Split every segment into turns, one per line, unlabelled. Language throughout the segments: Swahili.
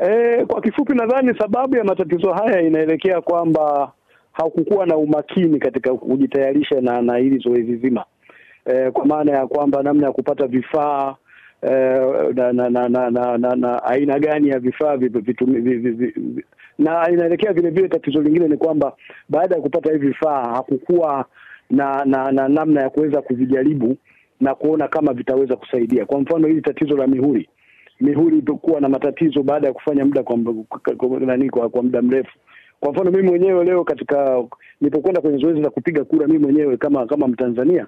E, kwa kifupi nadhani sababu ya matatizo haya inaelekea kwamba hakukuwa na umakini katika kujitayarisha na na hili zoezi zima e, kwa maana ya kwamba namna ya kupata vifaa e, na, na, na, na, na, na, na aina gani ya vifaa na inaelekea vile vile, tatizo lingine ni kwamba baada ya kupata hivi vifaa hakukuwa na na namna ya kuweza kuvijaribu na kuona kama vitaweza kusaidia. Kwa mfano hili tatizo la mihuri mihuri kuwa na matatizo baada ya kufanya muda kwa, nani, kwa, kwa muda mrefu. Kwa mfano mimi mwenyewe leo katika nilipokwenda kwenye zoezi la kupiga kura, mimi mwenyewe kama kama Mtanzania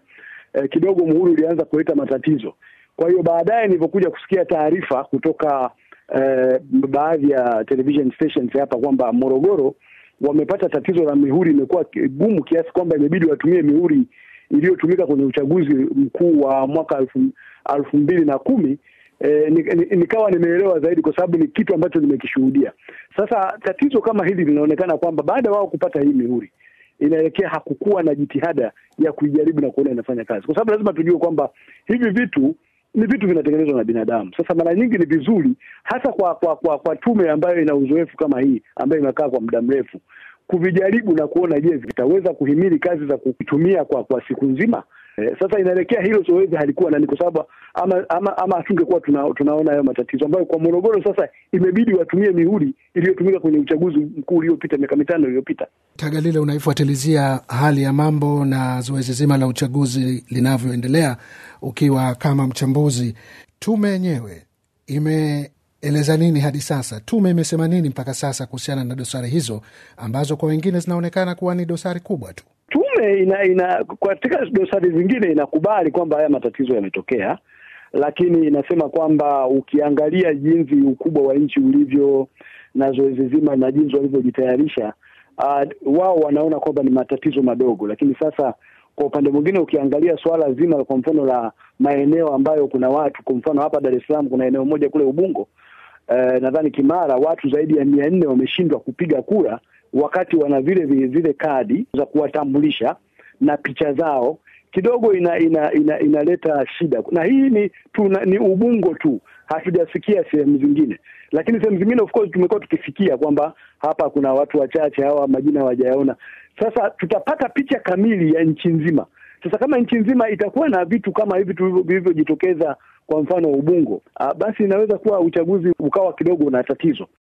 eh, kidogo muhuri ulianza kuleta matatizo. Kwa hiyo baadaye nilipokuja kusikia taarifa kutoka eh, baadhi ya television stations hapa kwamba Morogoro wamepata tatizo la mihuri imekuwa gumu kiasi kwamba imebidi watumie mihuri iliyotumika kwenye uchaguzi mkuu wa mwaka alfu alfu mbili na kumi e, nikawa nimeelewa zaidi, kwa sababu ni kitu ambacho nimekishuhudia. Sasa tatizo kama hili linaonekana kwamba baada ya wao kupata hii mihuri inaelekea hakukuwa na jitihada ya kuijaribu na kuona inafanya kazi, kwa sababu lazima tujue kwamba hivi vitu ni vitu vinatengenezwa na binadamu. Sasa mara nyingi ni vizuri hasa kwa kwa kwa, kwa tume ambayo ina uzoefu kama hii ambayo imekaa kwa muda mrefu kuvijaribu na kuona je, vitaweza kuhimili kazi za kutumia kwa kwa siku nzima Eh, sasa inaelekea hilo zoezi halikuwa nani, kwa sababu ama ama ama hatungekuwa tuna, tunaona hayo matatizo ambayo kwa Morogoro sasa imebidi watumie mihuri iliyotumika kwenye uchaguzi mkuu uliopita miaka mitano iliyopita.
Tagalile, unaifuatilizia hali ya mambo na zoezi zima la uchaguzi linavyoendelea, ukiwa kama mchambuzi, tume yenyewe imeeleza nini hadi sasa? Tume imesema nini mpaka sasa kuhusiana na dosari hizo ambazo kwa wengine zinaonekana kuwa ni dosari kubwa tu?
ina, ina katika dosari zingine inakubali kwamba haya matatizo yametokea, lakini inasema kwamba ukiangalia jinsi ukubwa wa nchi ulivyo na zoezi zima na jinsi walivyojitayarisha, uh, wao wanaona kwamba ni matatizo madogo, lakini sasa kwa upande mwingine ukiangalia swala zima kwa mfano la maeneo ambayo kuna watu, kwa mfano hapa Dar es Salaam kuna eneo moja kule Ubungo, eh, nadhani Kimara, watu zaidi ya mia nne wameshindwa kupiga kura wakati wana vile vile zile kadi za kuwatambulisha na picha zao kidogo ina, ina, ina, inaleta shida, na hii ni tuna, ni Ubungo tu, hatujafikia sehemu zingine, lakini sehemu zingine of course tumekuwa tukifikia kwamba hapa kuna watu wachache hawa majina hawajaona. Sasa tutapata picha kamili ya nchi nzima. Sasa kama nchi nzima itakuwa na vitu kama hivi vilivyojitokeza, kwa mfano Ubungo, ah, basi inaweza kuwa uchaguzi ukawa kidogo una tatizo.